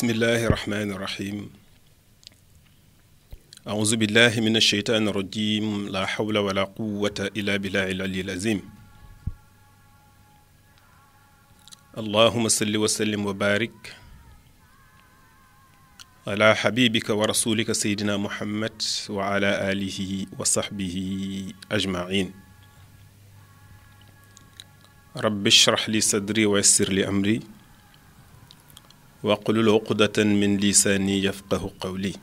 بسم الله الرحمن الرحيم أعوذ بالله من الشيطان الرجيم لا حول ولا قوة إلا بالله العلي العظيم اللهم صل وسلم وبارك على حبيبك ورسولك سيدنا محمد وعلى آله وصحبه أجمعين رب اشرح لي صدري ويسر لي أمري واقلل عقدة من لساني يفقه قولي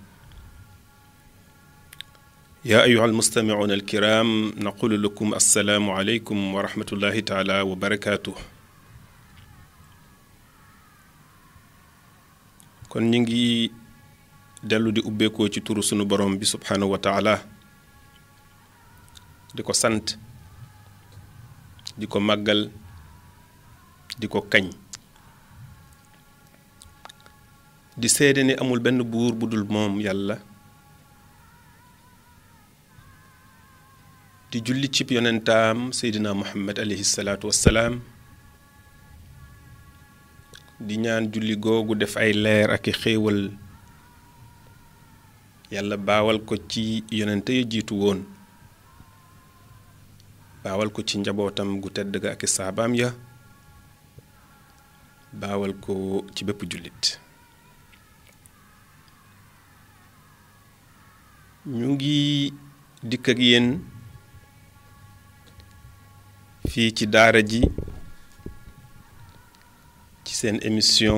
يا أيها المستمعون الكرام نقول لكم السلام عليكم ورحمة الله تعالى وبركاته كن نجي دلو دي أبيكو تورو سنو بروم بي سبحانه وتعالى ديكو سنت ديكو مغل ديكو كنج di seede ni amul benn buur bu dul moom yàlla di julli cib yonentaam seydina muhammad aleyhi salaatu wassalaam di ñaan julli googu def ay leer ak i xéewal yàlla baawal ko ci yonente ya jiitu woon baawal ko ci njabootam gu tedd ga ak i saabaam ya baawal ko ci bépp jullit ñu ngi dikk ak yéen fii ci daara ji ci seen émission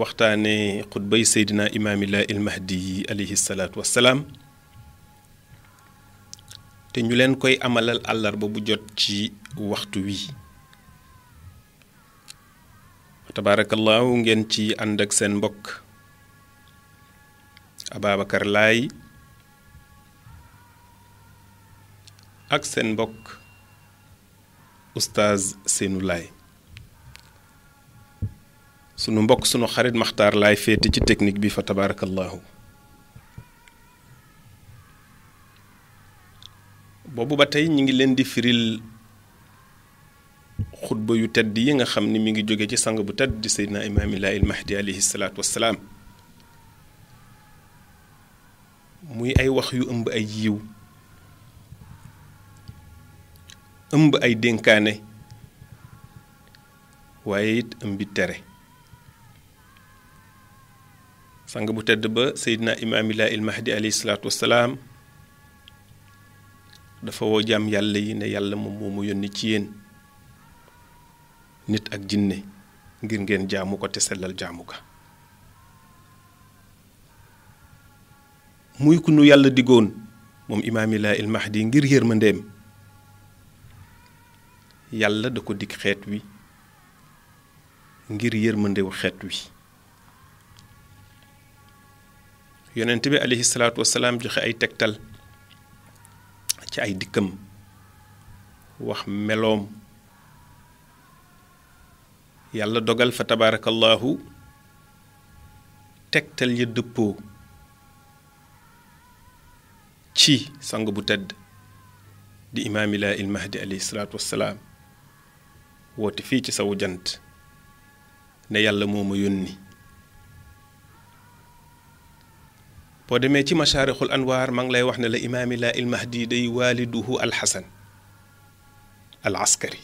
waxtaane xutbay seydina imaamillah il mahdi yi wassalaam te ñu leen koy amalal àllarba bu jot ci waxtu wi tabaarakallaahu ngeen ci ànd ak seen mbokk Ababacar lay ak sen mbokk oustaz Seynou lay sunu mbokk sunu xarit Makhtar lay féete ci technique bi fa tabaarakallaahu boobu ba tey ñi ngi leen di firil xutba yu tedd yi nga xam ni mi ngi jóge ci sang bu tedd di Seydina imam Laay il Mahdi alayhi salatu wassalaam muy ay wax yu ëmb ay yiw ëmb ay dénkaane waaye it ëmbi tere sang bu tedd ba seydina imaamilaa il mahdi alayhi salaatu wassalaam dafa woo jaam yàlla yi ne yàlla moom moo yónni ci yéen nit ak jinne ngir ngeen jaamu ko te sellal jaamu ko muy ku nu yàlla diggoon moom imaamilaa il mahdi ngir yërmandeem yàlla da ko dig xeet wi ngir yërmandewu xeet wi yonent bi alayhi salaatu wasalaam joxe ay tegtal ci ay dikkam wax meloom yàlla dogal fa tabaarakallaahu tegtal ya dëppoo ci sang bu tedd di imaami laa il mahdi alayhi salaatu wassalaam woote fii ci sawu jant ne yàlla moo ma yónni boo demee ci mashaarixul anwaar maa ngi lay wax ne la imaami laa il mahdi day waaliduhu alxasan al askari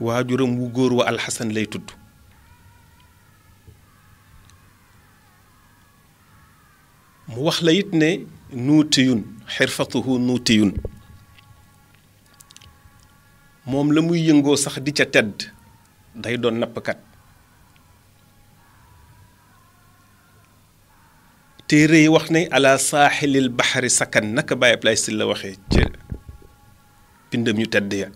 waajuram wu góor wa alxasan lay tudd wax la it ne nuutiyun xirfatuhu nuutiyun moom la muy yëngoo sax di ca tedd day doon nappkat téere yi wax ne ala saaxilil baxari sakkan naka Baye Ablaye Sylla la waxee ca bindam yu tedd ya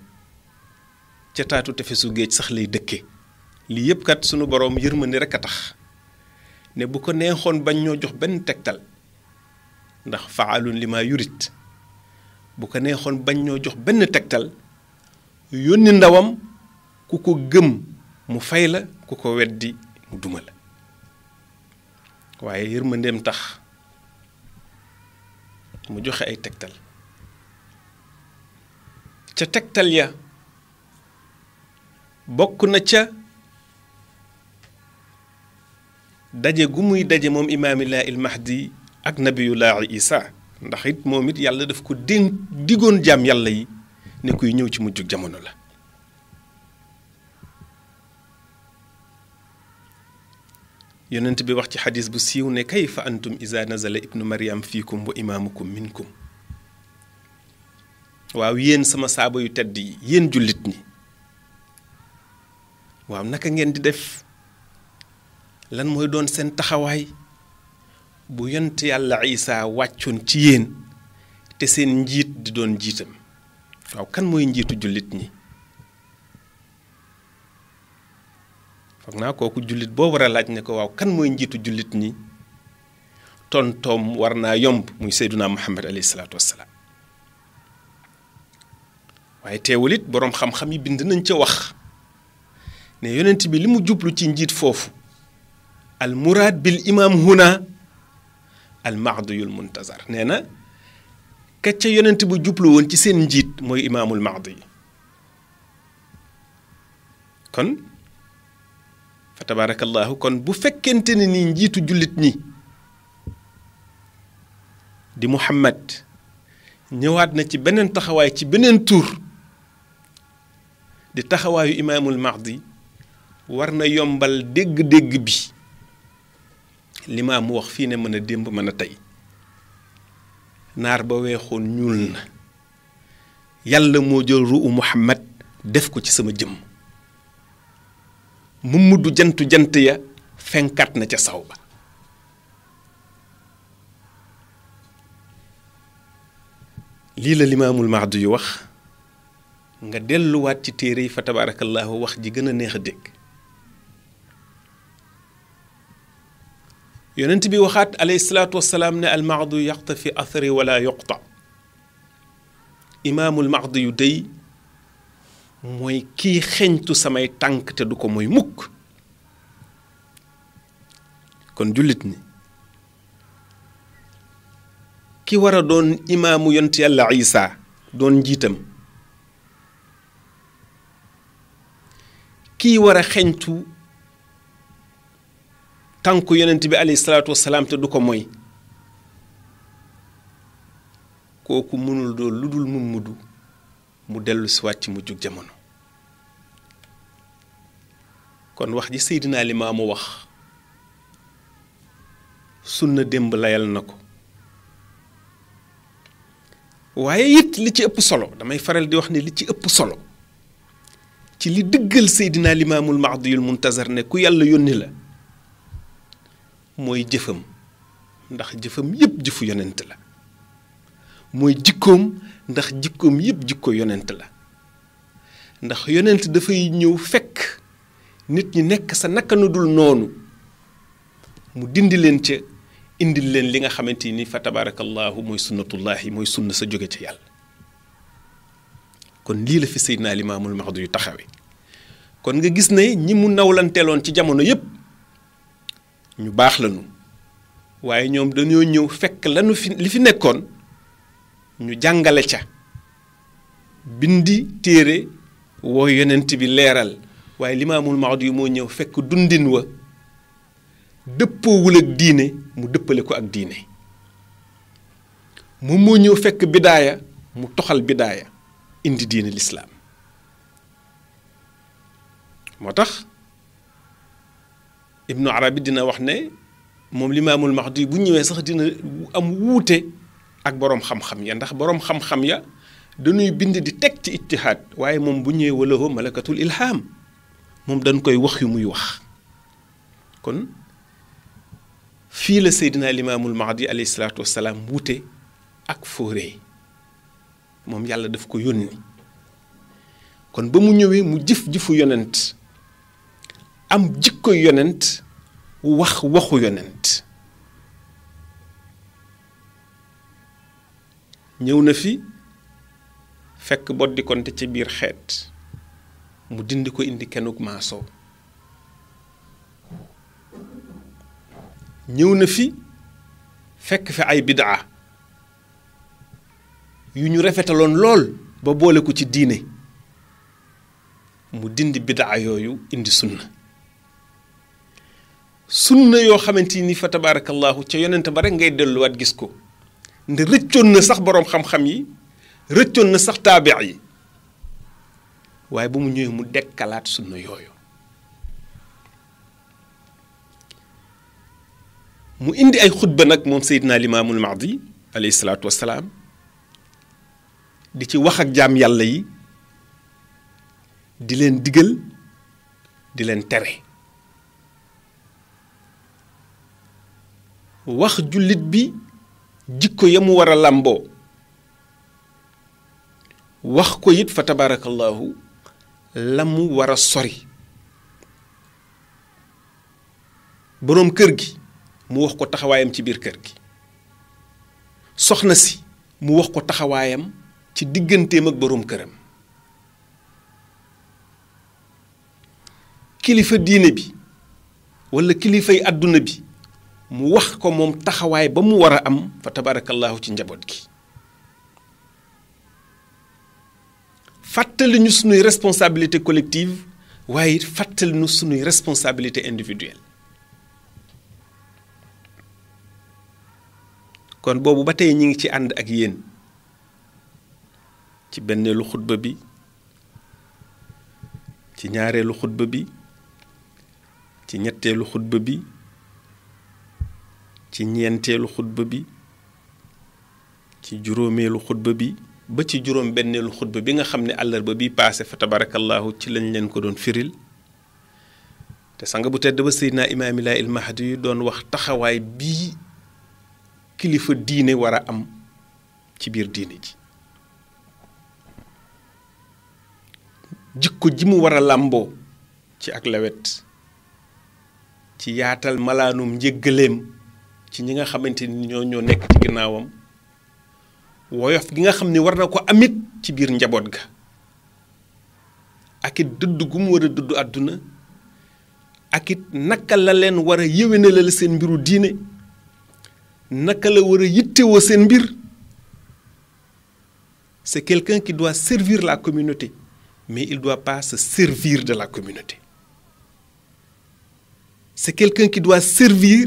ca taatu tefesu géej sax lay dëkke lii yëpp sunu boroom yërmande rekk a tax ne bu ko neexoon bañ ñoo jox benn tegtal ndax faalun lima maa yurit bu ko neexoon bañ ñoo jox benn tegtal yónni ndawam ku ko gëm mu fay la ku ko weddi mu duma la waaye yërmandeem tax mu joxe ay tegtal ca tegtal ya bokk na ca daje gu muy daje moom imaamilaa il mahdi ak nabiyulaahi isa ndax it moom it yàlla daf ko dénk digoon jaam yàlla yi ne kuy ñëw ci mujjug jamono la yonent bi wax ci xadis bu siiw ne kayfa antum isa nazala ibnu mariam fiikum wa imamukum minkum waaw yéen sama saaba yu tedd yi yéen jullit ñi waaw naka ngeen di def lan mooy doon seen taxawaay bu yont yàlla Isaa wàccoon ci yéen te seen njiit di doon jiitam waaw kan mooy njiitu jullit ñi foog naa kooku jullit boo war a laaj ne ko waaw kan mooy njiitu jullit ñi tontoom war naa yomb muy seydunaa Muhammad alayhi salaatu wassalaam waaye teewul it boroom xam-xam yi bind nañ ca wax ne yonent bi li mu jublu ci njiit foofu al muraad bil imaam huna المعدي المنتظر نينا كتشا يونت بو جوبلو وون سي سين جيت موي امام المعدي كون فتبارك الله كون بو فكنتني ني نجيتو جوليت ني دي محمد نيوات نا سي بنن تخواي سي بنن تور دي تخواي امام المعدي ورنا يومبال دغ دغ بي limaam mu wax fii ne mën a démb mën tey naar ba weexoon ñuul na yàlla moo jël ruu muhammad def ko ci sama jëm mu mudd jantu jant ya fenkat na ca saw ba lii la limaamul mahdu yu wax nga delluwaat ci téere yi fa tabaarakallaahu wax ji gën a neex a dégg يوننت بي وخات عليه الصلاة والسلام نال المعض يقطفي أثري ولا يقطع إمام المعض يدي موي كي خنتو سماي تانك تدوكو موي موك كون جلتني كي ورا دون إمام ينتي الله عيسى دون جيتم كي ورا خنتو tànku yonent bi alayhi salaatu wasalaam te du ko mooy kooku mënul doon lu dul mum mudu mu dellu si waat mu jug jamono kon wax ji sayidina Limaamu wax sunna démb layal na ko waaye it li ci ëpp solo damay faral di wax ne li ci ëpp solo ci li dëggal sayidina Limaamul Mahdiyul Muntazar ne ku yàlla yónni la mooy jëfam ndax jëfam yépp jëfu yonent la mooy jikkoom ndax jikkoom yépp jikko yonent la ndax yonent dafay ñëw fekk nit ñi nekk sa naka noonu mu dindi leen ca indil leen li nga xamante ni fa tabaarakallaahu mooy sunnatullaahi mooy sunn sa jóge ca yàlla kon lii la fi Seydina Limaamul Mahdi yu taxawe kon nga gis na ñi mu nawlanteeloon ci jamono yépp ñu baax lañu waaye ñoom dañoo ñëw fekk lanu fi li fi nekkoon ñu jàngale ca bindi téere woo yonent bi leeral waaye limaamul Mahdi moo ñëw fekk dundin wa dëppoowul ak diine mu dëppale ko ak diine moom moo ñëw fekk bidaaya mu toxal bidaaya indi diine lislaam moo tax ibnu arabi dina wax ne moom limaamul mahdi bu ñëwee sax dina am wuute ak borom xam-xam ya ndax borom xam-xam ya dañuy bind di teg ci ijtihaad waaye moom bu ñëwee walahu malakatul ilham moom dañ koy wax yu muy wax kon fii la seydina limaamul mahdi alayhi salaatu wasalaam wuute ak fóoree moom yàlla daf ko yónni kon ba mu ñëwee mu jëf jëfu yonent am jikko yonent wax waxu yonent ñëw na fi fekk boddikonte ci biir xeet mu dindi ko indi kenuk maaso ñëw na fi fekk fi ay bidaa yu ñu rafetaloon lool ba boole ko ci diine mu dindi bidaa yooyu indi sunna sunna yoo xamante ni fa tabarakallahu ca yonent ba rek ngay delluwaat gis ko nde rëccoon na sax borom xam-xam yi rëccoon na sax taabic yi waaye ba mu ñëwee mu dekkalaat sunna yooyu mu indi ay xutba nag moom Seydina Limaamul Mahdi alayhi salaatu wasalaam di ci wax ak jaam yàlla yi di leen digal di leen tere wax jullit bi jikko ya mu war a làmboo wax ko it fa tabaarakallaahu la mu war a sori boroom kër gi mu wax ko taxawaayam ci biir kër gi soxna si mu wax ko taxawaayam ci digganteem ak boroom këram kilifa diine bi walla kilifay àdduna bi mu wax ko moom taxawaay ba mu war a am fa tabaarakallaahu ci njaboot gi fàttali ñu sunuy responsabilité collective waaye fàttali nu sunuy responsabilité individuelle kon boobu ba tey ñi ngi ci ànd ak yéen ci benneelu xutba bi ci ñaareelu xutba bi ci ñetteelu xutba bi ci ñeenteelu xutba bi ci juróomeelu xutba bi ba ci juróom benneelu xutba bi nga xam ne àllarba bi paase fa tabarakallahu ci lañ leen ko doon firil te sanga bu tedd ba Seydina Imaam Ilaah il yu doon wax taxawaay bii kilifa diine war a am ci biir diine ji jikko ji mu war a làmboo ci ak lawet ci yaatal malaanum njëggaleem ci ñi nga xamante ni ñoo ñoo nekk ci ginnaawam woyof gi nga xam ni war na ko amit ci biir njaboot ga ak it dudd gu mu war a dudd àdduna ak it naka la leen war a seen mbiru diine naka la war a yittewoo seen mbir c'est quelqu'un qui doit servir la communauté mais il doit pas se servir de la communauté c'est quelqu'un qui doit servir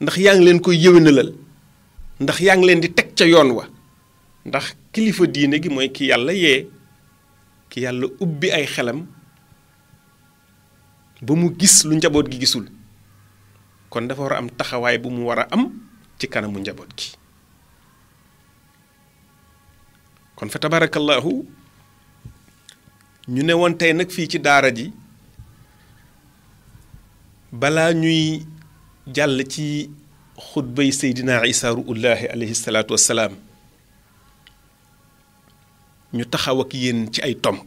ndax yaa ngi leen koy yëwénalal ndax yaa ngi leen di teg ca yoon wa ndax kilifa diine gi mooy ki yàlla yee ki yàlla ubbi ay xelam ba mu gis lu njaboot gi gisul kon dafa war a am taxawaay bu mu war a am ci kanamu njaboot gi kon fa tabarakallahu ñu ne woon tey nag fii ci daara ji balaa ñuy jàll ci xutbay seydina isa ruullaahi alayhi salaatu wassalaam ñu taxaw ak yéen ci ay tomb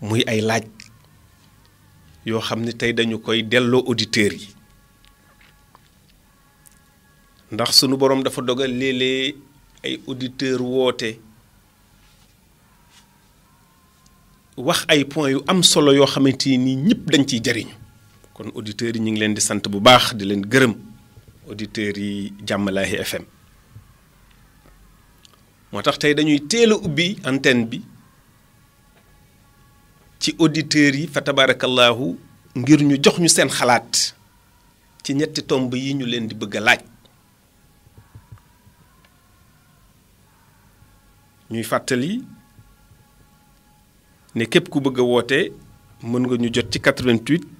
muy ay laaj yoo xam ne tey dañu koy delloo auditeurs yi ndax sunu boroom dafa dogal léeg-léeg ay auditeur woote wax ay point yu am solo yoo xamante ni ñëpp dañ ciy jariñu kon auditeurs yi ñu ngi leen di sant bu baax di leen gërëm yi FM moo tax tey dañuy teel a ubbi antenne bi ci auditeurs yi fa tabarakallahu ngir ñu jox ñu seen xalaat ci ñetti tomb yi ñu leen di bëgg a laaj ñuy fàttali ne képp ku bëgg a woote mën nga ñu jot ci 88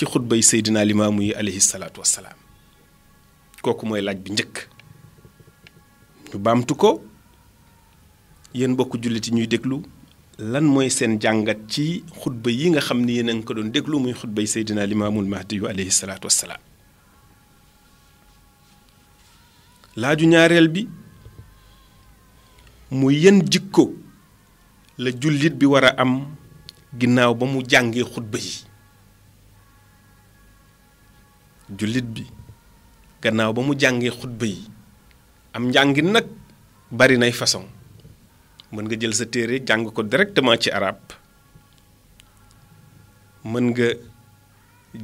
ci xutbay sayidina Limaamu yi alayhi salaatu wassalaam kooku mooy laaj bi njëkk ñu baamtu ko yéen bokk jullit yi ñuy déglu lan mooy seen jàngat ci xutba yi nga xam ni yéen a ko doon déglu muy xutbay Seydina Limaamul Mahdi yu alayhi salaatu wassalaam laaju ñaareel bi mu yen jikko la jullit bi war a am ginnaaw ba mu jàngee xutba yi jullit bi gannaaw ba mu jàngee xutba yi am njàngin nag bari nay façon mën nga jël sa téere jàng ko directement ci arab mën nga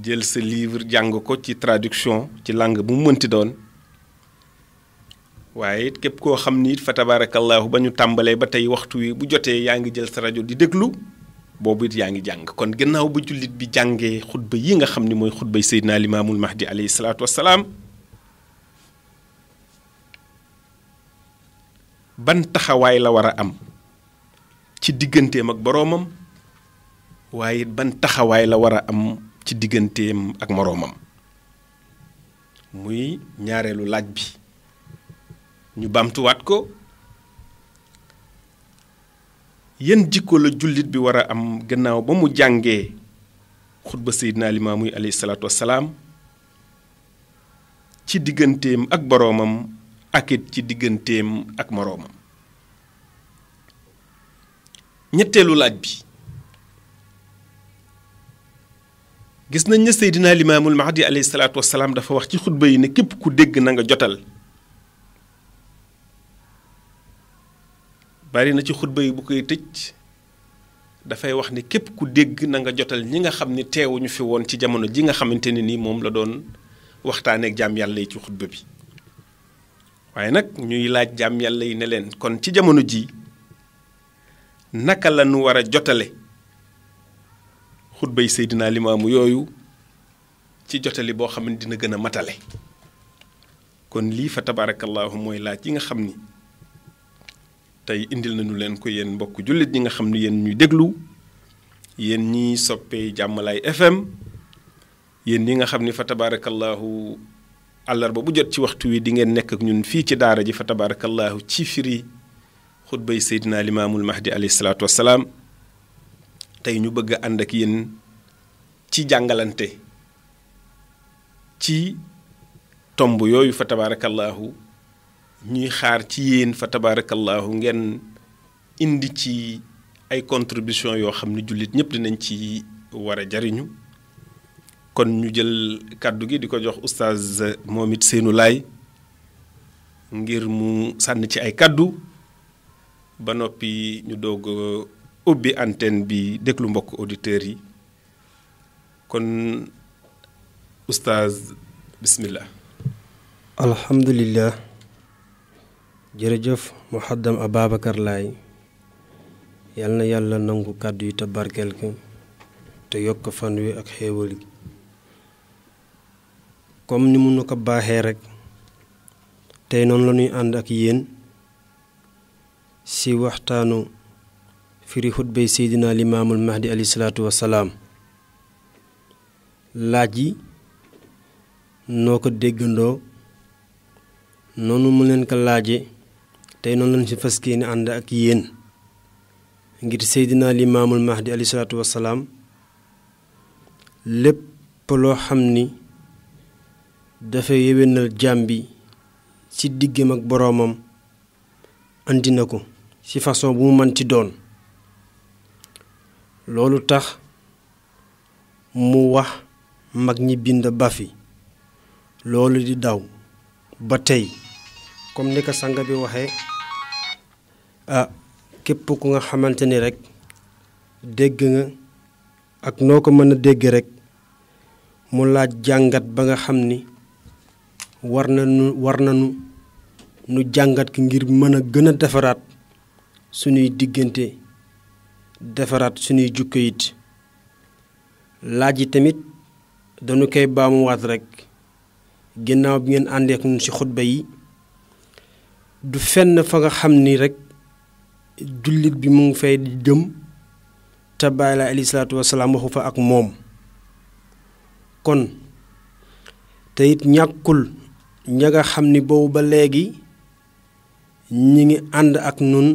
jël sa livre jàng ko ci traduction ci langue bu mu mënti doon waaye it képp koo xam ni it fa tabaarakallaahu ba ñu tàmbalee ba tey waxtu wi bu jotee yaa ngi jël sa rajo di déglu boobu it yaa ngi jàng kon gannaaw ba jullit bi jàngee xutba yi nga xam ni mooy xutbay Seydina Limaamul Mahdi alayhi salaatu wassalaam ban taxawaay la war a am ci digganteem ak boroomam waaye ban taxawaay la war a am ci digganteem ak moroomam muy ñaareelu laaj bi ñu baamtuwaat ko yan jikko la jullit bi war a am gannaaw ba mu jàngee xutba seydina limaamu alayhi salaatu wassalaam ci digganteem ak boroomam ak it ci digganteem ak moroomam ñetteelu laaj bi gis nañ ne seydina limaamul mahdi alayhi salaatu wassalaam dafa wax ci xutba yi ne képp ku dégg na nga jotal bari na ci xutba yi bu koy tëj dafay wax ni képp ku dégg na nga jotal ñi nga xam ni teewuñu fi woon ci jamono ji nga xamante ne nii moom la doon waxtaanee ak jaam yàlla yi ci xutba bi waaye nag ñuy laaj jaam yàlla yi ne leen kon ci jamono ji naka la nu war a jotale xutba yi Seydina Limaamu yooyu ci jotali boo xam ne dina gën a matale kon lii fa tabaarakallaahu mooy laaj yi nga xam ni. tey indil nañu leen ko yéen mbokk jullit ñi nga xam ne yéen ñuy déglu yéen ñi soppee jàmmalaay FM yéen ñi nga xam ni fa tabaarakallaahu àllarba bu jot ci waxtu wi di ngeen nekk ak ñun fii ci daara ji fa tabaarakallaahu ci firi xutbay seydina limaamul mahdi alayhi salaatu wassalaam tey ñu bëgg a ànd ak yéen ci jàngalante ci tomb yooyu fa tabaarakallaahu ñuy xaar ci yéen fa tabarakallahu ngeen indi ci ay contribution yoo xam ne jullit ñëpp dinañ ci war jariñu kon ñu jël kaddu gi di ko jox oustaz momit it seenu laay ngir mu sànn ci ay kaddu ba noppi ñu doog ubbi antenne bi déglu mbokk auditeur yi kon oustaz bismillah alhamdulillah jërëjëf muxaddam Ababacar Laay yal na yàlla nangu kàddu yi te barkeel ko te yokk fan wi ak xéewal gi comme ni mënu ko baaxee rek tey noonu la ñuy ànd ak yéen si waxtaanu firi xutbay seydina limaamul mahdi alayhi salaatu laaj yi noo ko déggandoo noonu mu leen ko laaje tey noonu lañ si fas yéene ànd ak yéen ngir Seydina Limaamul Mahdi alayhi salaatu lépp loo xam ni dafa yéwénal jaam bi ci diggam ak boroomam andi na ko ci façon bu mu mën ci doon loolu tax mu wax mag ñi bind ba fi loolu di daw ba tey comme ni ko sang bi waxe ah, képp ku nga xamante ni rek dégg nga ak noo ko mën a dégg rek mu laaj jàngat ba nga xam ni war na nu war na nu nu jàngat ki ngir mën a gën a defaraat suñuy diggante defaraat suñuy jukko it laaj yi tamit dañu koy baamuwaat rekk ginnaaw bi ngeen àndeek nun ci xutba yi du fenn fa nga xam ni rekk jullit bi mu ngi fay jëm te bàyyi la alayhi salaatu wasalaam waxu fa ak moom kon te ñàkkul ña nga xam ni boobu ba léegi ñi ngi ànd ak nun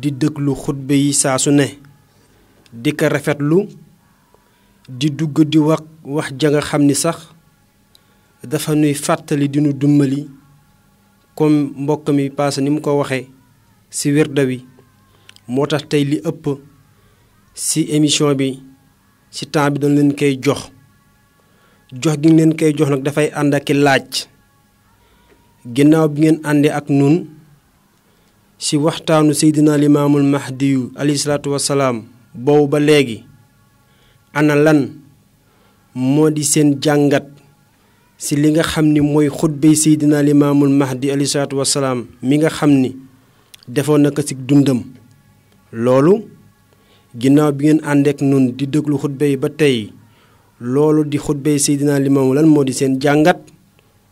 di déglu xutba yi saa su ne di ko rafetlu di dugg di wax wax ja nga xam ni sax dafa nuy fàttali di dumbali comme mbokk mi paase ni mu ko waxe ci wirda wi moo tax tey li ëpp ci émission bi ci temps bi dañ leen koy jox jox gi leen koy jox nag dafay ànd ak laaj ginnaaw bi ngeen àndee ak nun ci waxtaanu Seydina Limaamul Mahdiyu alayhi salaatu wasalaam boobu ba léegi ana lan moo di seen jàngat si li nga xam ni mooy xutbay Seydina max di alayhi salaatu wasalaam mi nga xam ni defoon na ko si dundam loolu ginnaaw bi ngeen ànd ak nun di déglu xutba ba tey loolu di xutbay Seydina Limaamu lan moo di seen jàngat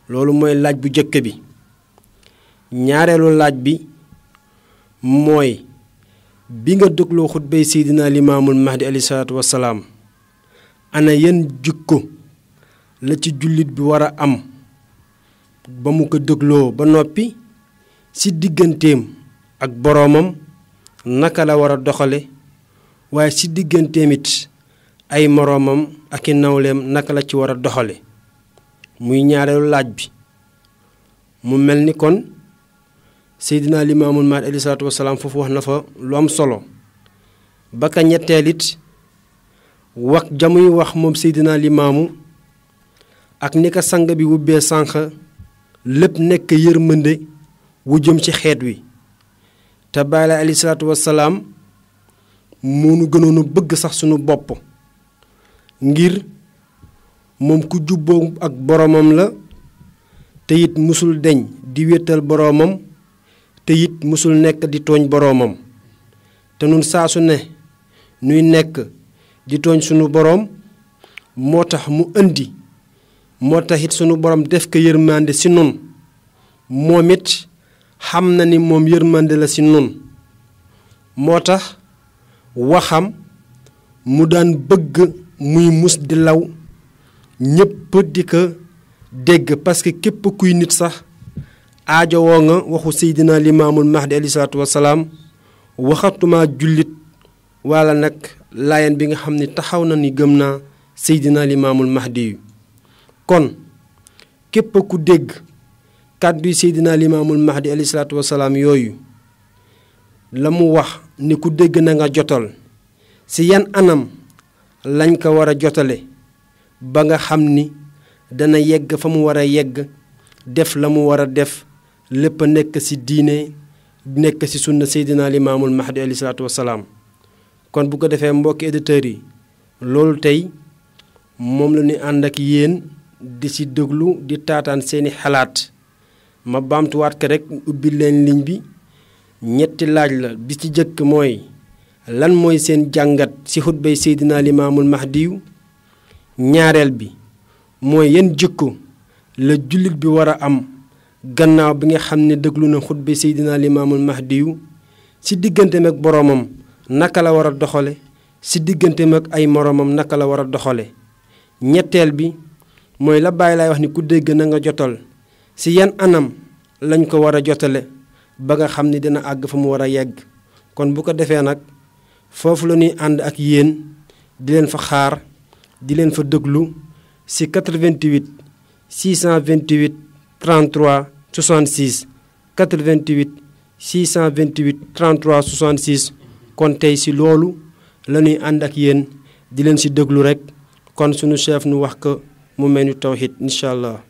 loolu mooy laaj bu jëkk bi ñaareelu laaj bi mooy bi nga dégloo xutbay Seydina Limaamul Mahdi alayhi salaatu wasalaam ana yan jikko la ci jullit bi war a am ba mu ko dégloo ba noppi ci digganteem ak boroomam naka la war a doxale waaye ci digganteem it ay moroomam ak i nawleem naka la ci war a doxale muy ñaareelu laaj bi mu mel ni kon Seydina Limaamul Mahdi alayhi salaatu wasalaam foofu wax na fa lu am solo ba ka ñetteel it wax jamuy wax moom Seydina Limaamu ak ni ko sang bi wubbee sànq lépp nekk yërmande wu jëm ci xeet wi te bàyyi la alayhi salaatu wassalaam nu gënoon a bëgg sax sunu bopp ngir moom ku jubboo ak boroomam la te it deñ di wéetal boroomam te it nekk di tooñ boroomam te nun saa su ne nuy nekk di tooñ sunu boroom moo tax mu indi moo taxit sunu borom def ko yërmande si nun moom it xam na ni moom yërmande la si nun moo tax waxam mu daan bëgg muy mus di law ñépp di ko dégg parce que képp kuy nit sax aajo woo nga waxu seydina limaamul mahdi alayhi salaatu wasalaam waxatuma jullit wala nag layen bi nga xam ni taxaw na ni gëm naa seydina limaamul mahdi yu kon képp ku dégg kàddu yi Seydina Limaamul Mahdi alayhi salaatu wasalaam yooyu la mu wax ni ku dégg na nga jotal ci yan anam lañ ko war a jotale ba nga xam ni dana yegg fa mu war a yegg def la mu war a def lépp a nekk ci diine nekk ci sunna seydinaa Limaamul Mahdi alayhi salaatu wasalaam kon bu ko defee mbokki éditeurs yi loolu tey moom la nu ànd ak yéen di si déglu di taataan seeni xalaat ma baamtuwaat ko rek ubbi leen ligne bi ñetti laaj la bi ci jëkk mooy lan mooy seen jàngat si xutbay Seydina max Mahdiyu ñaareel bi mooy yan jikko la jullit bi war a am gannaaw bi nga xam ne déglu na xutbay Seydina Limaamul Mahdiyu si digganteem ak boroomam naka la war a doxale si digganteem ak ay moroomam naka la war a doxale ñetteel bi mooy la bàyyi lay wax ni ku dégg na nga jotal si yan anam lañ ko war a jotale ba nga xam ni dina àgg fa mu war a yegg kon bu ko defee nag foofu la ñuy ànd ak yéen di leen fa xaar di leen fa déglu si 88 628 33 66 88 628 33 66 kon tey si loolu la ñuy ànd ak yéen di leen si déglu rek kon sunu chef nu wax ko mu mel ni tawhid incha allah